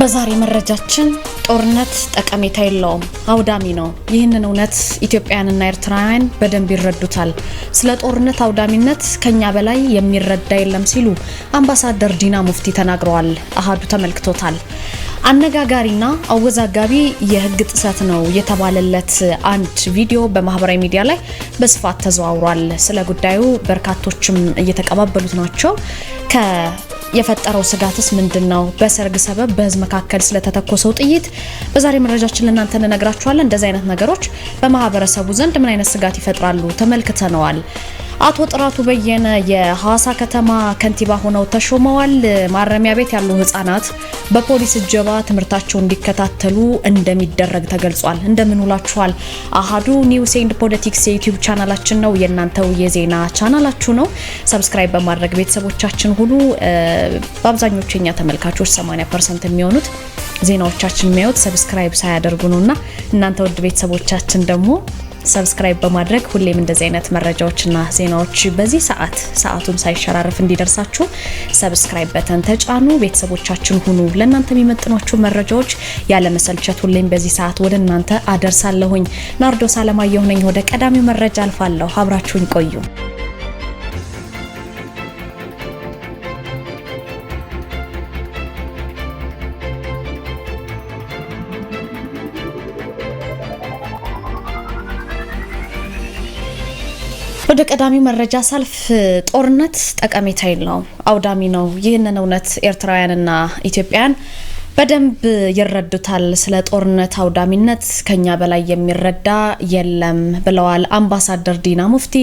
በዛሬ መረጃችን ጦርነት ጠቀሜታ የለውም አውዳሚ ነው። ይህንን እውነት ኢትዮጵያውያንና ኤርትራውያን በደንብ ይረዱታል። ስለ ጦርነት አውዳሚነት ከኛ በላይ የሚረዳ የለም ሲሉ አምባሳደር ዲና ሙፍቲ ተናግረዋል። አሃዱ ተመልክቶታል። አነጋጋሪና አወዛጋቢ የህግ ጥሰት ነው የተባለለት አንድ ቪዲዮ በማህበራዊ ሚዲያ ላይ በስፋት ተዘዋውሯል። ስለ ጉዳዩ በርካቶችም እየተቀባበሉት ናቸው። የፈጠረው ስጋትስ ምንድን ነው? በሰርግ ሰበብ በህዝብ መካከል ስለተተኮሰው ጥይት በዛሬ መረጃችን ለእናንተ እንነግራችኋለን። እንደዚህ አይነት ነገሮች በማህበረሰቡ ዘንድ ምን አይነት ስጋት ይፈጥራሉ ተመልክተነዋል። አቶ ጥራቱ በየነ የሐዋሳ ከተማ ከንቲባ ሆነው ተሾመዋል። ማረሚያ ቤት ያሉ ህጻናት በፖሊስ እጀባ ትምህርታቸውን እንዲከታተሉ እንደሚደረግ ተገልጿል። እንደምን ውላችኋል። አሃዱ ኒውስ ኤንድ ፖለቲክስ የዩቲዩብ ቻናላችን ነው፣ የእናንተው የዜና ቻናላችሁ ነው። ሰብስክራይብ በማድረግ ቤተሰቦቻችን ሁሉ በአብዛኞቹ የኛ ተመልካቾች 80 ፐርሰንት የሚሆኑት ዜናዎቻችን የሚያዩት ሰብስክራይብ ሳያደርጉ ነውና እናንተ ውድ ቤተሰቦቻችን ደግሞ ሰብስክራይብ በማድረግ ሁሌም እንደዚህ አይነት መረጃዎችና ዜናዎች በዚህ ሰዓት ሰዓቱን ሳይሸራረፍ እንዲደርሳችሁ ሰብስክራይብ በተን ተጫኑ። ቤተሰቦቻችን ሁኑ። ለእናንተ የሚመጥኗችሁ መረጃዎች ያለመሰልቸት ሁሌም በዚህ ሰዓት ወደ እናንተ አደርሳለሁኝ። ናርዶስ አለማየሁ ነኝ። ወደ ቀዳሚው መረጃ አልፋለሁ። አብራችሁኝ ቆዩ። ወደ ቀዳሚው መረጃ ሳልፍ ጦርነት ጠቀሜታ የለውም፣ አውዳሚ ነው። ይህንን እውነት ኤርትራውያንና ኢትዮጵያን በደንብ ይረዱታል። ስለ ጦርነት አውዳሚነት ከኛ በላይ የሚረዳ የለም ብለዋል አምባሳደር ዲና ሙፍቲ።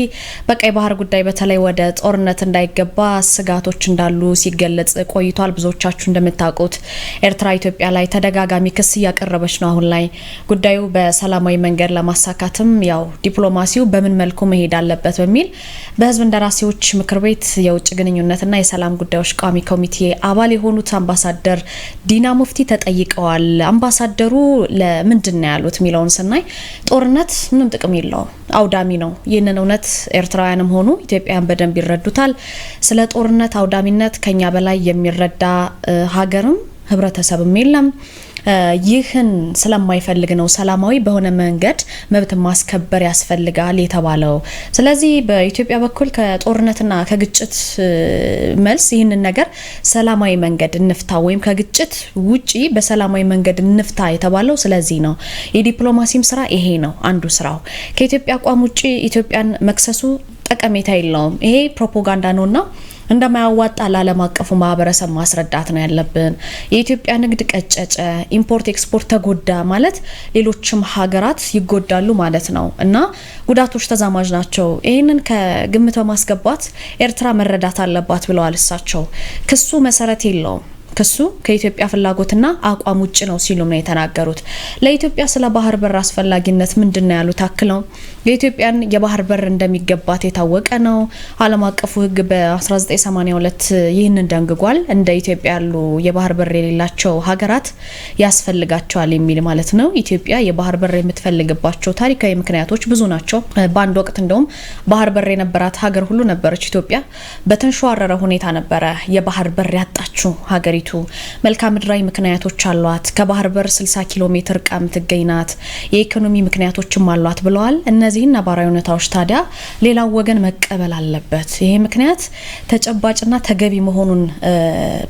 በቀይ ባህር ጉዳይ በተለይ ወደ ጦርነት እንዳይገባ ስጋቶች እንዳሉ ሲገለጽ ቆይቷል። ብዙዎቻችሁ እንደምታውቁት ኤርትራ ኢትዮጵያ ላይ ተደጋጋሚ ክስ እያቀረበች ነው። አሁን ላይ ጉዳዩ በሰላማዊ መንገድ ለማሳካትም ያው ዲፕሎማሲው በምን መልኩ መሄድ አለበት በሚል በህዝብ እንደራሴዎች ምክር ቤት የውጭ ግንኙነትና የሰላም ጉዳዮች ቋሚ ኮሚቴ አባል የሆኑት አምባሳደር ዲና ሙፍቲ ተጠይቀዋል። አምባሳደሩ ለምንድን ነው ያሉት የሚለውን ስናይ ጦርነት ምንም ጥቅም የለውም፣ አውዳሚ ነው። ይህንን እውነት ኤርትራውያንም ሆኑ ኢትዮጵያውያን በደንብ ይረዱታል። ስለ ጦርነት አውዳሚነት ከኛ በላይ የሚረዳ ሀገርም ህብረተሰብም የለም። ይህን ስለማይፈልግ ነው ሰላማዊ በሆነ መንገድ መብት ማስከበር ያስፈልጋል የተባለው። ስለዚህ በኢትዮጵያ በኩል ከጦርነትና ከግጭት መልስ ይህንን ነገር ሰላማዊ መንገድ እንፍታ ወይም ከግጭት ውጪ በሰላማዊ መንገድ እንፍታ የተባለው ስለዚህ ነው። የዲፕሎማሲም ስራ ይሄ ነው አንዱ ስራው። ከኢትዮጵያ አቋም ውጪ ኢትዮጵያን መክሰሱ ጠቀሜታ የለውም። ይሄ ፕሮፓጋንዳ ነውና እንደማያዋጣ ለዓለም አቀፉ ማህበረሰብ ማስረዳት ነው ያለብን። የኢትዮጵያ ንግድ ቀጨጨ፣ ኢምፖርት ኤክስፖርት ተጎዳ ማለት ሌሎችም ሀገራት ይጎዳሉ ማለት ነው እና ጉዳቶች ተዛማጅ ናቸው። ይህንን ከግምት በማስገባት ኤርትራ መረዳት አለባት ብለዋል እሳቸው። ክሱ መሰረት የለውም። ክሱ ከኢትዮጵያ ፍላጎትና አቋም ውጭ ነው ሲሉም ነው የተናገሩት። ለኢትዮጵያ ስለ ባህር በር አስፈላጊነት ምንድን ነው ያሉት አክለው የኢትዮጵያን የባህር በር እንደሚገባት የታወቀ ነው። ዓለም አቀፉ ሕግ በ1982 ይህንን ደንግጓል። እንደ ኢትዮጵያ ያሉ የባህር በር የሌላቸው ሀገራት ያስፈልጋቸዋል የሚል ማለት ነው። ኢትዮጵያ የባህር በር የምትፈልግባቸው ታሪካዊ ምክንያቶች ብዙ ናቸው። በአንድ ወቅት እንደውም ባህር በር የነበራት ሀገር ሁሉ ነበረች ኢትዮጵያ። በተንሸዋረረ ሁኔታ ነበረ የባህር በር ያጣችው ሀገሪቱ ሀገሪቱ መልክዓ ምድራዊ ምክንያቶች አሏት። ከባህር በር 60 ኪሎ ሜትር ርቃ የምትገኝ ናት። የኢኮኖሚ ምክንያቶችም አሏት ብለዋል። እነዚህን ነባራዊ ሁኔታዎች ታዲያ ሌላው ወገን መቀበል አለበት። ይሄ ምክንያት ተጨባጭና ተገቢ መሆኑን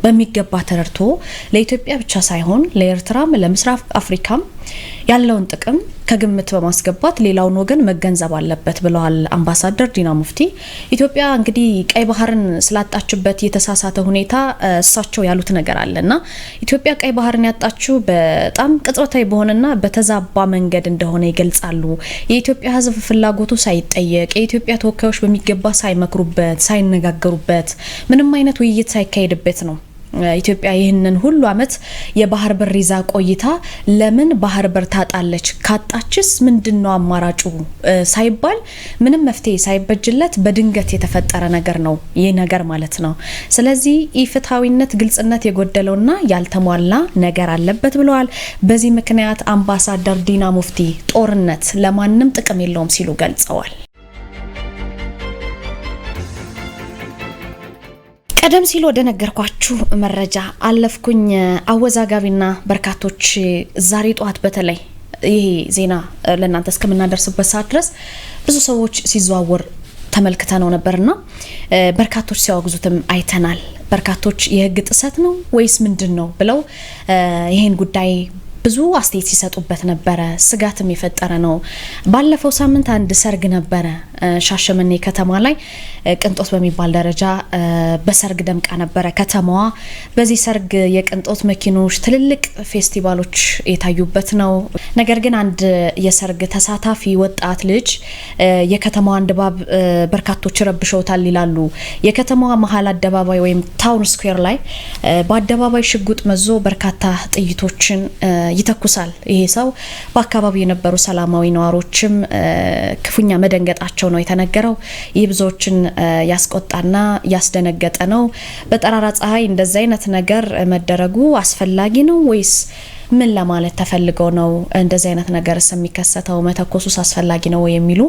በሚገባ ተረድቶ ለኢትዮጵያ ብቻ ሳይሆን ለኤርትራም ለምስራቅ አፍሪካም ያለውን ጥቅም ከግምት በማስገባት ሌላውን ወገን መገንዘብ አለበት ብለዋል አምባሳደር ዲና ሙፍቲ። ኢትዮጵያ እንግዲህ ቀይ ባህርን ስላጣችበት የተሳሳተ ሁኔታ እሳቸው ያሉት ነገር አለ እና ኢትዮጵያ ቀይ ባህርን ያጣችው በጣም ቅጽበታዊ በሆነና በተዛባ መንገድ እንደሆነ ይገልጻሉ። የኢትዮጵያ ሕዝብ ፍላጎቱ ሳይጠየቅ የኢትዮጵያ ተወካዮች በሚገባ ሳይመክሩበት፣ ሳይነጋገሩበት፣ ምንም አይነት ውይይት ሳይካሄድበት ነው ኢትዮጵያ ይህንን ሁሉ ዓመት የባህር በር ይዛ ቆይታ ለምን ባህር በር ታጣለች? ካጣችስ ምንድን ነው አማራጩ ሳይባል ምንም መፍትሄ ሳይበጅለት በድንገት የተፈጠረ ነገር ነው ይህ ነገር ማለት ነው። ስለዚህ ኢፍትሐዊነት፣ ግልጽነት የጎደለውና ያልተሟላ ነገር አለበት ብለዋል። በዚህ ምክንያት አምባሳደር ዲና ሙፍቲ ጦርነት ለማንም ጥቅም የለውም ሲሉ ገልጸዋል። ቀደም ሲል ወደ ነገርኳችሁ መረጃ አለፍኩኝ። አወዛጋቢና በርካቶች ዛሬ ጠዋት በተለይ ይሄ ዜና ለእናንተ እስከምናደርስበት ሰዓት ድረስ ብዙ ሰዎች ሲዘዋወር ተመልክተ ነው ነበርና በርካቶች ሲያወግዙትም አይተናል። በርካቶች የህግ ጥሰት ነው ወይስ ምንድን ነው ብለው ይህን ጉዳይ ብዙ አስተያየት ሲሰጡበት ነበረ። ስጋትም የፈጠረ ነው። ባለፈው ሳምንት አንድ ሰርግ ነበረ ሻሸመኔ ከተማ ላይ ቅንጦት በሚባል ደረጃ በሰርግ ደምቃ ነበረ ከተማዋ። በዚህ ሰርግ የቅንጦት መኪኖች፣ ትልልቅ ፌስቲቫሎች የታዩበት ነው። ነገር ግን አንድ የሰርግ ተሳታፊ ወጣት ልጅ የከተማዋን ድባብ በርካቶች ረብሸውታል ይላሉ። የከተማዋ መሀል አደባባይ ወይም ታውን ስኩዌር ላይ በአደባባይ ሽጉጥ መዞ በርካታ ጥይቶችን ይተኩሳል። ይሄ ሰው በአካባቢው የነበሩ ሰላማዊ ነዋሪዎችም ክፉኛ መደንገጣቸው መሆናቸው ነው የተነገረው። ይህ ብዙዎችን ያስቆጣና ያስደነገጠ ነው። በጠራራ ፀሐይ እንደዚህ አይነት ነገር መደረጉ አስፈላጊ ነው ወይስ ምን ለማለት ተፈልገው ነው እንደዚህ አይነት ነገር የሚከሰተው? መተኮሱስ አስፈላጊ ነው የሚሉ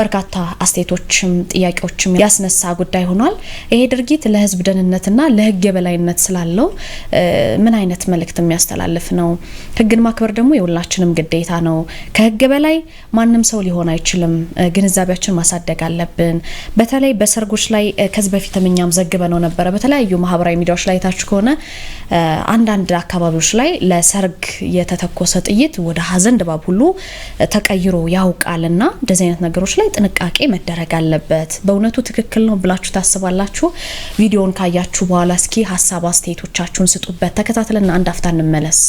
በርካታ አስተያየቶችም ጥያቄዎችም ያስነሳ ጉዳይ ሆኗል። ይሄ ድርጊት ለህዝብ ደህንነትና ለህግ የበላይነት ስላለው ምን አይነት መልእክት የሚያስተላልፍ ነው? ህግን ማክበር ደግሞ የሁላችንም ግዴታ ነው። ከህግ በላይ ማንም ሰው ሊሆን አይችልም። ግንዛቤያችን ማሳደግ አለብን። በተለይ በሰርጎች ላይ ከዚህ በፊትም እኛም ነው ነበረ። በተለያዩ ማህበራዊ ሚዲያዎች ላይ ታችሁ ከሆነ አንዳንድ አካባቢዎች ላይ ለሰርግ የተተኮሰ ጥይት ወደ ሀዘን ድባብ ሁሉ ተቀይሮ ያውቃልና እንደዚህ አይነት ነገሮች ላይ ጥንቃቄ መደረግ አለበት። በእውነቱ ትክክል ነው ብላችሁ ታስባላችሁ? ቪዲዮን ካያችሁ በኋላ እስኪ ሀሳብ አስተያየቶቻችሁን ስጡበት። ተከታትለና አንድ አፍታ እንመለስ።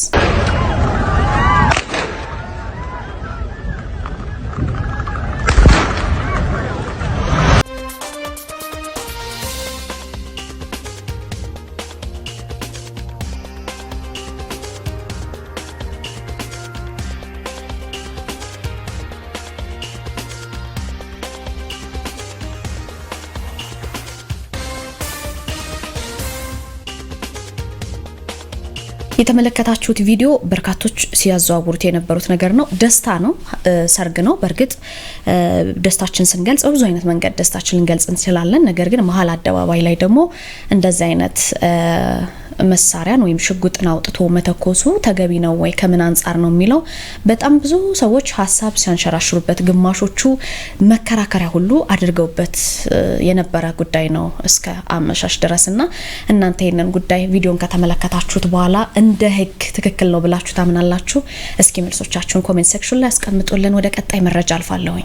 የተመለከታችሁት ቪዲዮ በርካቶች ሲያዘዋውሩት የነበሩት ነገር ነው። ደስታ ነው፣ ሰርግ ነው። በእርግጥ ደስታችን ስንገልጽ በብዙ አይነት መንገድ ደስታችን ልንገልጽ እንችላለን። ነገር ግን መሀል አደባባይ ላይ ደግሞ እንደዚህ አይነት መሳሪያን ወይም ሽጉጥን አውጥቶ መተኮሱ ተገቢ ነው ወይ ከምን አንጻር ነው የሚለው በጣም ብዙ ሰዎች ሀሳብ ሲያንሸራሽሩበት፣ ግማሾቹ መከራከሪያ ሁሉ አድርገውበት የነበረ ጉዳይ ነው እስከ አመሻሽ ድረስ እና እናንተ ይህንን ጉዳይ ቪዲዮን ከተመለከታችሁት በኋላ እንደ ህግ ትክክል ነው ብላችሁ ታምናላችሁ? እስኪ መልሶቻችሁን ኮሜንት ሴክሽን ላይ አስቀምጡልን። ወደ ቀጣይ መረጃ አልፋለሁኝ።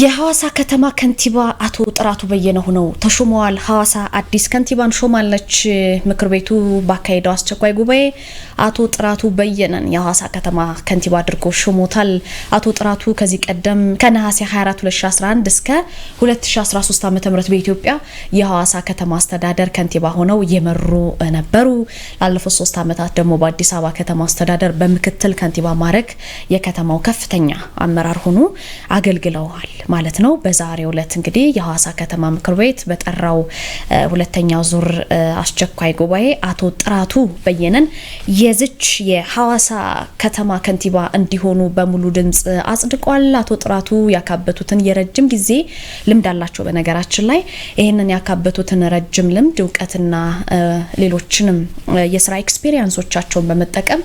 የሐዋሳ ከተማ ከንቲባ አቶ ጥራቱ በየነ ሆነው ተሾመዋል። ሐዋሳ አዲስ ከንቲባን ሾማለች። ምክር ቤቱ ባካሄደው አስቸኳይ ጉባኤ አቶ ጥራቱ በየነን የሐዋሳ ከተማ ከንቲባ አድርጎ ሾሞታል። አቶ ጥራቱ ከዚህ ቀደም ከነሐሴ 24 2011 እስከ 2013 ም በኢትዮጵያ የሐዋሳ ከተማ አስተዳደር ከንቲባ ሆነው የመሩ ነበሩ። ላለፉት ሶስት ዓመታት ደግሞ በአዲስ አበባ ከተማ አስተዳደር በምክትል ከንቲባ ማዕረግ የከተማው ከፍተኛ አመራር ሆኖ አገልግለዋል። ማለት ነው። በዛሬው ዕለት እንግዲህ የሐዋሳ ከተማ ምክር ቤት በጠራው ሁለተኛው ዙር አስቸኳይ ጉባኤ አቶ ጥራቱ በየነን የዝች የሐዋሳ ከተማ ከንቲባ እንዲሆኑ በሙሉ ድምፅ አጽድቋል። አቶ ጥራቱ ያካበቱትን የረጅም ጊዜ ልምድ አላቸው። በነገራችን ላይ ይህንን ያካበቱትን ረጅም ልምድ እውቀትና ሌሎችንም የስራ ኤክስፔሪንሶቻቸውን በመጠቀም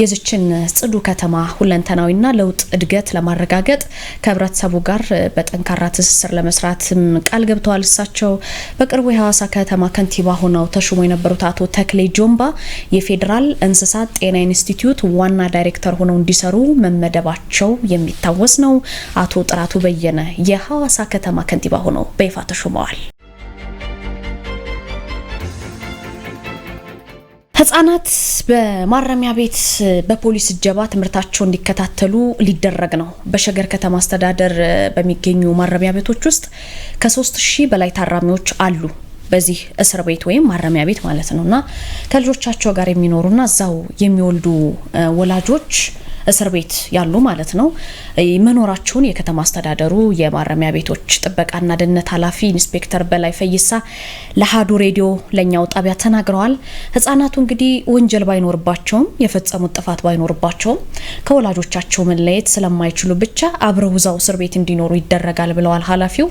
የዝችን ጽዱ ከተማ ሁለንተናዊና ለውጥ እድገት ለማረጋገጥ ከህብረተሰቡ ጋር በጠንካራ ትስስር ለመስራትም ቃል ገብተዋል። እሳቸው በቅርቡ የሐዋሳ ከተማ ከንቲባ ሆነው ተሹሞ የነበሩት አቶ ተክሌ ጆምባ የፌዴራል እንስሳት ጤና ኢንስቲትዩት ዋና ዳይሬክተር ሆነው እንዲሰሩ መመደባቸው የሚታወስ ነው። አቶ ጥራቱ በየነ የሐዋሳ ከተማ ከንቲባ ሆነው በይፋ ተሹመዋል። ህጻናት በማረሚያ ቤት በፖሊስ እጀባ ትምህርታቸው እንዲከታተሉ ሊደረግ ነው። በሸገር ከተማ አስተዳደር በሚገኙ ማረሚያ ቤቶች ውስጥ ከሶስት ሺህ በላይ ታራሚዎች አሉ። በዚህ እስር ቤት ወይም ማረሚያ ቤት ማለት ነው እና ከልጆቻቸው ጋር የሚኖሩና እዛው የሚወልዱ ወላጆች እስር ቤት ያሉ ማለት ነው መኖራቸውን የከተማ አስተዳደሩ የማረሚያ ቤቶች ጥበቃና ደህንነት ኃላፊ ኢንስፔክተር በላይ ፈይሳ ለሀዱ ሬዲዮ ለእኛው ጣቢያ ተናግረዋል። ህጻናቱ እንግዲህ ወንጀል ባይኖርባቸውም የፈጸሙት ጥፋት ባይኖርባቸውም ከወላጆቻቸው መለየት ስለማይችሉ ብቻ አብረው እዛው እስር ቤት እንዲኖሩ ይደረጋል ብለዋል ኃላፊው።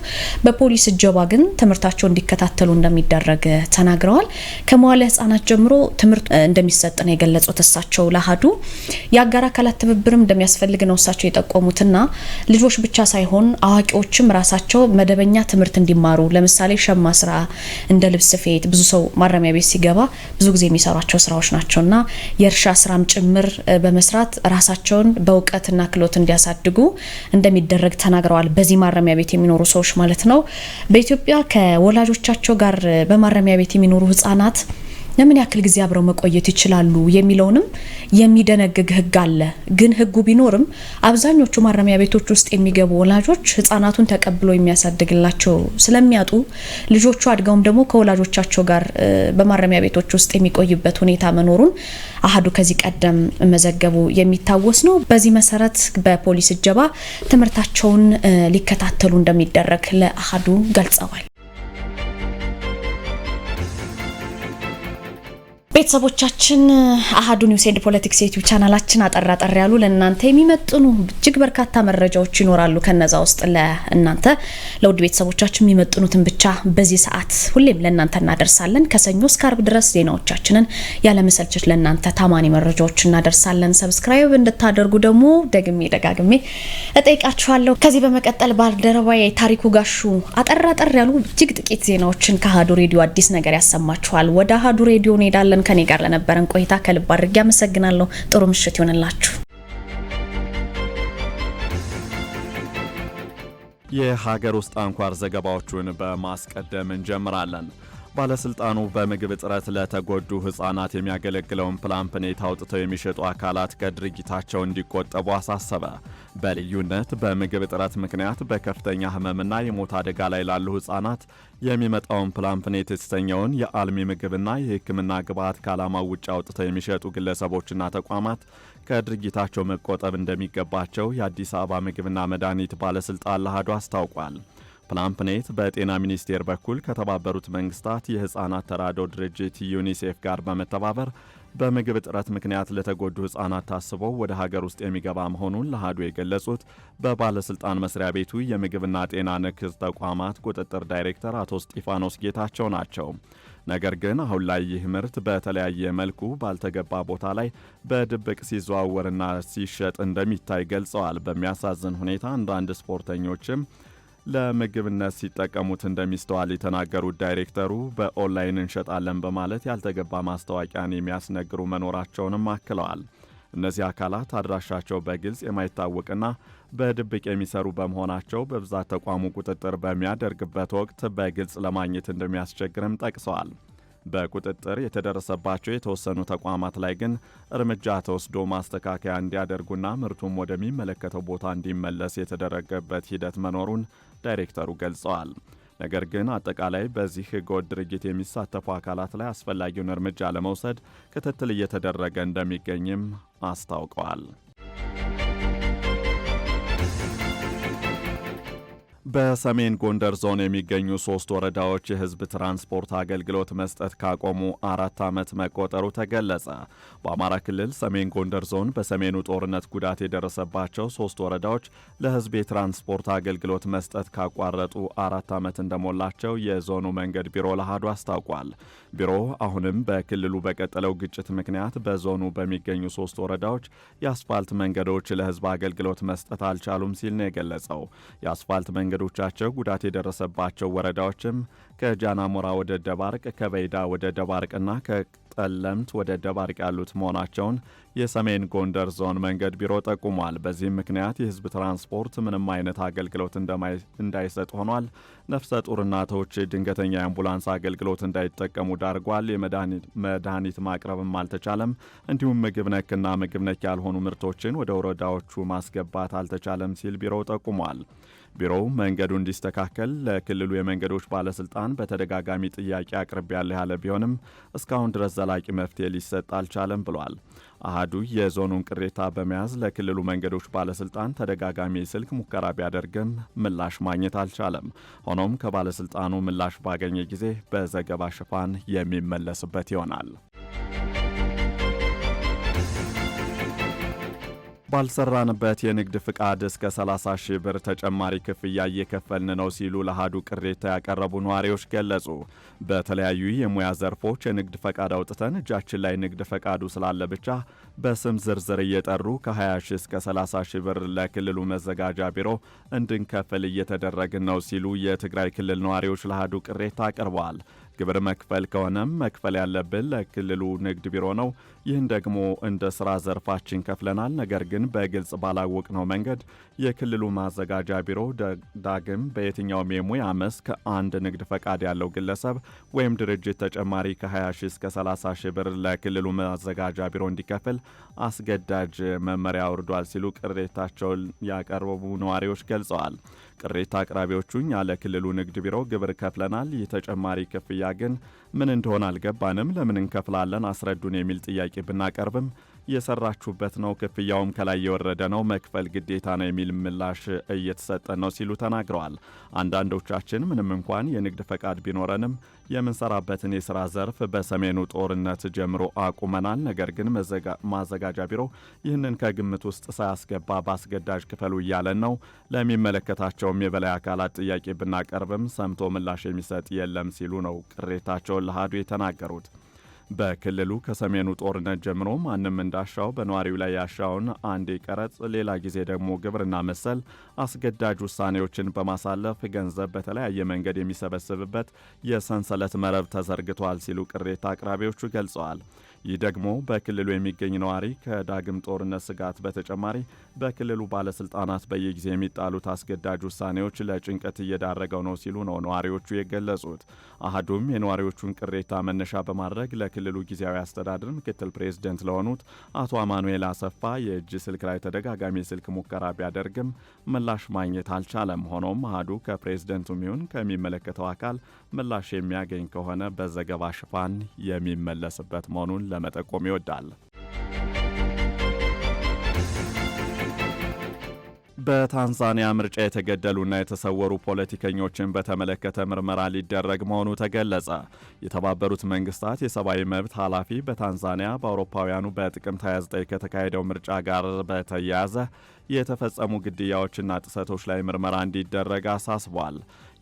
በፖሊስ እጀባ ግን ትምህርታቸው እንዲከታተሉ እንደሚደረግ ተናግረዋል። ከመዋለ ህጻናት ጀምሮ ትምህርት እንደሚሰጥ ነው የገለጹት እሳቸው ለአሀዱ የአጋር አካላት ትብብርም እንደሚያስፈልግ ነው እሳቸው የጠቆሙትና ልጆች ብቻ ሳይሆን አዋቂዎችም ራሳቸው መደበኛ ትምህርት እንዲማሩ ለምሳሌ ሸማ ስራ፣ እንደ ልብስ ስፌት ብዙ ሰው ማረሚያ ቤት ሲገባ ብዙ ጊዜ የሚሰሯቸው ስራዎች ናቸውና የእርሻ ስራም ጭምር በመስራት ራሳቸውን በእውቀትና ክህሎት እንዲያሳድጉ እንደሚደረግ ተናግረዋል። በዚህ ማረሚያ ቤት የሚኖሩ ሰዎች ማለት ነው። በኢትዮጵያ ከወላጆቻቸው ጋር በማረሚያ ቤት የሚኖሩ ህጻናት ለምን ያክል ጊዜ አብረው መቆየት ይችላሉ የሚለውንም የሚደነግግ ህግ አለ። ግን ህጉ ቢኖርም አብዛኞቹ ማረሚያ ቤቶች ውስጥ የሚገቡ ወላጆች ህጻናቱን ተቀብሎ የሚያሳድግላቸው ስለሚያጡ ልጆቹ አድገውም ደግሞ ከወላጆቻቸው ጋር በማረሚያ ቤቶች ውስጥ የሚቆዩበት ሁኔታ መኖሩን አህዱ ከዚህ ቀደም መዘገቡ የሚታወስ ነው። በዚህ መሰረት በፖሊስ እጀባ ትምህርታቸውን ሊከታተሉ እንደሚደረግ ለአህዱ ገልጸዋል። ቤተሰቦቻችን አሀዱ ኒውስ ኤንድ ፖለቲክስ ዩቲዩብ ቻናላችን አጠር አጠር ያሉ ለእናንተ የሚመጥኑ እጅግ በርካታ መረጃዎች ይኖራሉ። ከነዛ ውስጥ ለእናንተ ለውድ ቤተሰቦቻችን የሚመጥኑትን ብቻ በዚህ ሰዓት ሁሌም ለእናንተ እናደርሳለን። ከሰኞ እስከ አርብ ድረስ ዜናዎቻችንን ያለመሰልቸት ለእናንተ ታማኒ መረጃዎች እናደርሳለን። ሰብስክራይብ እንድታደርጉ ደግሞ ደግሜ ደጋግሜ እጠይቃችኋለሁ። ከዚህ በመቀጠል ባልደረባዬ ታሪኩ ጋሹ አጠር አጠር ያሉ እጅግ ጥቂት ዜናዎችን ከአሀዱ ሬዲዮ አዲስ ነገር ያሰማችኋል። ወደ አሀዱ ሬዲዮ እንሄዳለን። ከኔ ጋር ለነበረን ቆይታ ከልብ አድርጌ አመሰግናለሁ። ጥሩ ምሽት ይሆንላችሁ። የሀገር ውስጥ አንኳር ዘገባዎቹን በማስቀደም እንጀምራለን። ባለስልጣኑ በምግብ እጥረት ለተጎዱ ህጻናት የሚያገለግለውን ፕላምፕኔት አውጥተው የሚሸጡ አካላት ከድርጊታቸው እንዲቆጠቡ አሳሰበ። በልዩነት በምግብ እጥረት ምክንያት በከፍተኛ ህመምና የሞት አደጋ ላይ ላሉ ህጻናት የሚመጣውን ፕላምፕኔት የተሰኘውን የአልሚ ምግብና የህክምና ግብዓት ከዓላማው ውጭ አውጥተው የሚሸጡ ግለሰቦችና ተቋማት ከድርጊታቸው መቆጠብ እንደሚገባቸው የአዲስ አበባ ምግብና መድኃኒት ባለስልጣን ለአሐዱ አስታውቋል። ፕላምፕኔት በጤና ሚኒስቴር በኩል ከተባበሩት መንግስታት የሕፃናት ተራዶ ድርጅት ዩኒሴፍ ጋር በመተባበር በምግብ እጥረት ምክንያት ለተጎዱ ሕፃናት ታስቦ ወደ ሀገር ውስጥ የሚገባ መሆኑን ለአሃዱ የገለጹት በባለሥልጣን መስሪያ ቤቱ የምግብና ጤና ነክ ተቋማት ቁጥጥር ዳይሬክተር አቶ ስጢፋኖስ ጌታቸው ናቸው። ነገር ግን አሁን ላይ ይህ ምርት በተለያየ መልኩ ባልተገባ ቦታ ላይ በድብቅ ሲዘዋወርና ሲሸጥ እንደሚታይ ገልጸዋል። በሚያሳዝን ሁኔታ አንዳንድ ስፖርተኞችም ለምግብነት ሲጠቀሙት እንደሚስተዋል የተናገሩት ዳይሬክተሩ በኦንላይን እንሸጣለን በማለት ያልተገባ ማስታወቂያን የሚያስነግሩ መኖራቸውንም አክለዋል። እነዚህ አካላት አድራሻቸው በግልጽ የማይታወቅና በድብቅ የሚሰሩ በመሆናቸው በብዛት ተቋሙ ቁጥጥር በሚያደርግበት ወቅት በግልጽ ለማግኘት እንደሚያስቸግርም ጠቅሰዋል። በቁጥጥር የተደረሰባቸው የተወሰኑ ተቋማት ላይ ግን እርምጃ ተወስዶ ማስተካከያ እንዲያደርጉና ምርቱም ወደሚመለከተው ቦታ እንዲመለስ የተደረገበት ሂደት መኖሩን ዳይሬክተሩ ገልጸዋል። ነገር ግን አጠቃላይ በዚህ ህገወጥ ድርጊት የሚሳተፉ አካላት ላይ አስፈላጊውን እርምጃ ለመውሰድ ክትትል እየተደረገ እንደሚገኝም አስታውቀዋል። በሰሜን ጎንደር ዞን የሚገኙ ሶስት ወረዳዎች የህዝብ ትራንስፖርት አገልግሎት መስጠት ካቆሙ አራት ዓመት መቆጠሩ ተገለጸ። በአማራ ክልል ሰሜን ጎንደር ዞን በሰሜኑ ጦርነት ጉዳት የደረሰባቸው ሶስት ወረዳዎች ለህዝብ የትራንስፖርት አገልግሎት መስጠት ካቋረጡ አራት ዓመት እንደሞላቸው የዞኑ መንገድ ቢሮ ለአሃዱ አስታውቋል። ቢሮ አሁንም በክልሉ በቀጠለው ግጭት ምክንያት በዞኑ በሚገኙ ሶስት ወረዳዎች የአስፋልት መንገዶች ለህዝብ አገልግሎት መስጠት አልቻሉም ሲል ነው የገለጸው። የአስፋልት መንገ መንገዶቻቸው ጉዳት የደረሰባቸው ወረዳዎችም ከጃናሞራ ወደ ደባርቅ፣ ከበይዳ ወደ ደባርቅና ከጠለምት ወደ ደባርቅ ያሉት መሆናቸውን የሰሜን ጎንደር ዞን መንገድ ቢሮ ጠቁሟል። በዚህም ምክንያት የህዝብ ትራንስፖርት ምንም አይነት አገልግሎት እንዳይሰጥ ሆኗል። ነፍሰ ጡር እናቶች ድንገተኛ የአምቡላንስ አገልግሎት እንዳይጠቀሙ ዳርጓል። የመድኃኒት ማቅረብም አልተቻለም። እንዲሁም ምግብ ነክና ምግብ ነክ ያልሆኑ ምርቶችን ወደ ወረዳዎቹ ማስገባት አልተቻለም ሲል ቢሮው ጠቁሟል። ቢሮው መንገዱ እንዲስተካከል ለክልሉ የመንገዶች ባለስልጣን በተደጋጋሚ ጥያቄ አቅርቤያለሁ ያለ ቢሆንም እስካሁን ድረስ ዘላቂ መፍትሄ ሊሰጥ አልቻለም ብሏል። አህዱ የዞኑን ቅሬታ በመያዝ ለክልሉ መንገዶች ባለስልጣን ተደጋጋሚ ስልክ ሙከራ ቢያደርግም ምላሽ ማግኘት አልቻለም። ሆኖም ከባለስልጣኑ ምላሽ ባገኘ ጊዜ በዘገባ ሽፋን የሚመለስበት ይሆናል። ባልሰራንበት የንግድ ፍቃድ እስከ 30 ሺህ ብር ተጨማሪ ክፍያ እየከፈልን ነው ሲሉ ለአሃዱ ቅሬታ ያቀረቡ ነዋሪዎች ገለጹ። በተለያዩ የሙያ ዘርፎች የንግድ ፈቃድ አውጥተን እጃችን ላይ ንግድ ፈቃዱ ስላለ ብቻ በስም ዝርዝር እየጠሩ ከ20 ሺህ እስከ 30 ሺህ ብር ለክልሉ መዘጋጃ ቢሮ እንድንከፍል እየተደረግን ነው ሲሉ የትግራይ ክልል ነዋሪዎች ለአሃዱ ቅሬታ አቅርበዋል። ግብር መክፈል ከሆነም መክፈል ያለብን ለክልሉ ንግድ ቢሮ ነው። ይህን ደግሞ እንደ ሥራ ዘርፋችን ከፍለናል። ነገር ግን በግልጽ ባላወቅነው መንገድ የክልሉ ማዘጋጃ ቢሮ ዳግም በየትኛውም የሙያ መስክ ከአንድ ንግድ ፈቃድ ያለው ግለሰብ ወይም ድርጅት ተጨማሪ ከ20 ሺህ እስከ 30 ሺህ ብር ለክልሉ ማዘጋጃ ቢሮ እንዲከፍል አስገዳጅ መመሪያ አውርዷል ሲሉ ቅሬታቸውን ያቀረቡ ነዋሪዎች ገልጸዋል። ቅሬታ አቅራቢዎቹ ያለ ክልሉ ንግድ ቢሮ ግብር ከፍለናል። ይህ ተጨማሪ ክፍያ ግን ምን እንደሆነ አልገባንም፣ ለምን እንከፍላለን አስረዱን የሚል ጥያቄ ብናቀርብም የሰራችሁበት ነው፣ ክፍያውም ከላይ የወረደ ነው፣ መክፈል ግዴታ ነው የሚል ምላሽ እየተሰጠ ነው ሲሉ ተናግረዋል። አንዳንዶቻችን ምንም እንኳን የንግድ ፈቃድ ቢኖረንም የምንሰራበትን የሥራ ዘርፍ በሰሜኑ ጦርነት ጀምሮ አቁመናል። ነገር ግን ማዘጋጃ ቢሮ ይህንን ከግምት ውስጥ ሳያስገባ በአስገዳጅ ክፈሉ እያለን ነው። ለሚመለከታቸውም የበላይ አካላት ጥያቄ ብናቀርብም ሰምቶ ምላሽ የሚሰጥ የለም ሲሉ ነው ቅሬታቸውን ለሃዱ የተናገሩት። በክልሉ ከሰሜኑ ጦርነት ጀምሮ ማንም እንዳሻው በነዋሪው ላይ ያሻውን አንዴ ቀረጽ፣ ሌላ ጊዜ ደግሞ ግብርና መሰል አስገዳጅ ውሳኔዎችን በማሳለፍ ገንዘብ በተለያየ መንገድ የሚሰበስብበት የሰንሰለት መረብ ተዘርግቷል ሲሉ ቅሬታ አቅራቢዎቹ ገልጸዋል። ይህ ደግሞ በክልሉ የሚገኝ ነዋሪ ከዳግም ጦርነት ስጋት በተጨማሪ በክልሉ ባለስልጣናት በየጊዜ የሚጣሉት አስገዳጅ ውሳኔዎች ለጭንቀት እየዳረገው ነው ሲሉ ነው ነዋሪዎቹ የገለጹት። አህዱም የነዋሪዎቹን ቅሬታ መነሻ በማድረግ ለክልሉ ጊዜያዊ አስተዳደር ምክትል ፕሬዝደንት ለሆኑት አቶ አማኑኤል አሰፋ የእጅ ስልክ ላይ ተደጋጋሚ ስልክ ሙከራ ቢያደርግም ምላሽ ማግኘት አልቻለም። ሆኖም አህዱ ከፕሬዝደንቱም ይሁን ከሚመለከተው አካል ምላሽ የሚያገኝ ከሆነ በዘገባ ሽፋን የሚመለስበት መሆኑን ለመጠቆም ይወዳል። በታንዛኒያ ምርጫ የተገደሉና የተሰወሩ ፖለቲከኞችን በተመለከተ ምርመራ ሊደረግ መሆኑ ተገለጸ። የተባበሩት መንግስታት የሰብአዊ መብት ኃላፊ በታንዛኒያ በአውሮፓውያኑ በጥቅምት 29 ከተካሄደው ምርጫ ጋር በተያያዘ የተፈጸሙ ግድያዎችና ጥሰቶች ላይ ምርመራ እንዲደረግ አሳስቧል።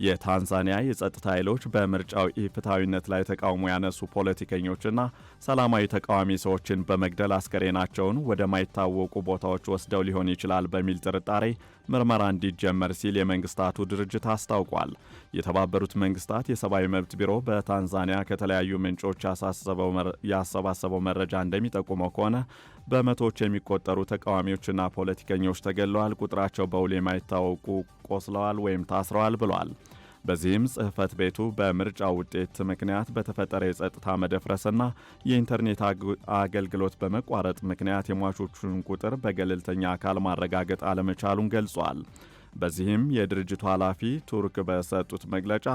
የታንዛኒያ የጸጥታ ኃይሎች በምርጫው ኢፍትሐዊነት ላይ ተቃውሞ ያነሱ ፖለቲከኞችና ሰላማዊ ተቃዋሚ ሰዎችን በመግደል አስከሬናቸውን ወደማይታወቁ ቦታዎች ወስደው ሊሆን ይችላል በሚል ጥርጣሬ ምርመራ እንዲጀመር ሲል የመንግስታቱ ድርጅት አስታውቋል። የተባበሩት መንግስታት የሰብአዊ መብት ቢሮ በታንዛኒያ ከተለያዩ ምንጮች ያሰባሰበው መረጃ እንደሚጠቁመው ከሆነ በመቶዎች የሚቆጠሩ ተቃዋሚዎችና ፖለቲከኞች ተገለዋል፣ ቁጥራቸው በውል የማይታወቁ ቆስለዋል ወይም ታስረዋል ብሏል። በዚህም ጽህፈት ቤቱ በምርጫ ውጤት ምክንያት በተፈጠረ የጸጥታ መደፍረስና የኢንተርኔት አገልግሎት በመቋረጥ ምክንያት የሟቾቹን ቁጥር በገለልተኛ አካል ማረጋገጥ አለመቻሉን ገልጿል። በዚህም የድርጅቱ ኃላፊ ቱርክ በሰጡት መግለጫ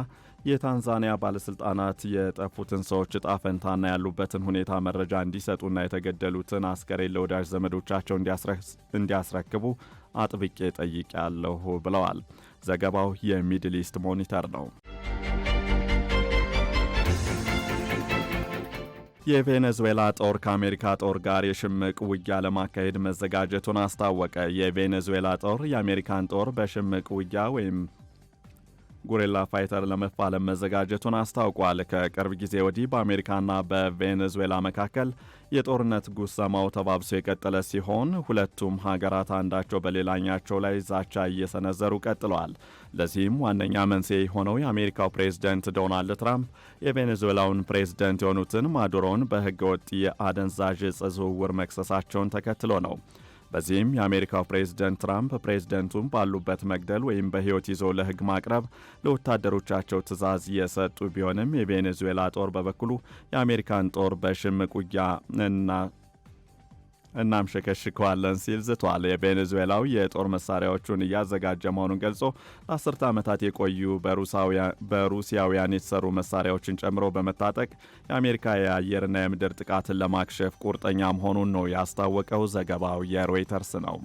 የታንዛኒያ ባለሥልጣናት የጠፉትን ሰዎች ዕጣ ፈንታና ያሉበትን ሁኔታ መረጃ እንዲሰጡና የተገደሉትን አስከሬን ለወዳጅ ዘመዶቻቸው እንዲያስረክቡ አጥብቄ ጠይቄያለሁ ብለዋል። ዘገባው የሚድል ኢስት ሞኒተር ነው። የቬኔዙዌላ ጦር ከአሜሪካ ጦር ጋር የሽምቅ ውጊያ ለማካሄድ መዘጋጀቱን አስታወቀ። የቬኔዙዌላ ጦር የአሜሪካን ጦር በሽምቅ ውጊያ ወይም ጎሬላ ፋይተር ለመፋለም መዘጋጀቱን አስታውቋል። ከቅርብ ጊዜ ወዲህ በአሜሪካና በቬኔዙዌላ መካከል የጦርነት ጉሰማው ተባብሶ የቀጠለ ሲሆን ሁለቱም ሀገራት አንዳቸው በሌላኛቸው ላይ ዛቻ እየሰነዘሩ ቀጥለዋል። ለዚህም ዋነኛ መንስኤ የሆነው የአሜሪካው ፕሬዝደንት ዶናልድ ትራምፕ የቬኔዙዌላውን ፕሬዝደንት የሆኑትን ማዱሮን በህገወጥ የአደንዛዥ እጽ ዝውውር መክሰሳቸውን ተከትሎ ነው። በዚህም የአሜሪካው ፕሬዝደንት ትራምፕ ፕሬዝደንቱን ባሉበት መግደል ወይም በሕይወት ይዞ ለሕግ ማቅረብ ለወታደሮቻቸው ትዕዛዝ የሰጡ ቢሆንም የቬኔዙዌላ ጦር በበኩሉ የአሜሪካን ጦር በሽምቅ ውጊያ እና እናም ሸከሽከዋለን ሲል ዝቷል። የቬኔዙዌላው የጦር መሳሪያዎቹን እያዘጋጀ መሆኑን ገልጾ ለአስርተ ዓመታት የቆዩ በሩሲያውያን የተሰሩ መሳሪያዎችን ጨምሮ በመታጠቅ የአሜሪካ የአየርና የምድር ጥቃትን ለማክሸፍ ቁርጠኛ መሆኑን ነው ያስታወቀው። ዘገባው የሮይተርስ ነው።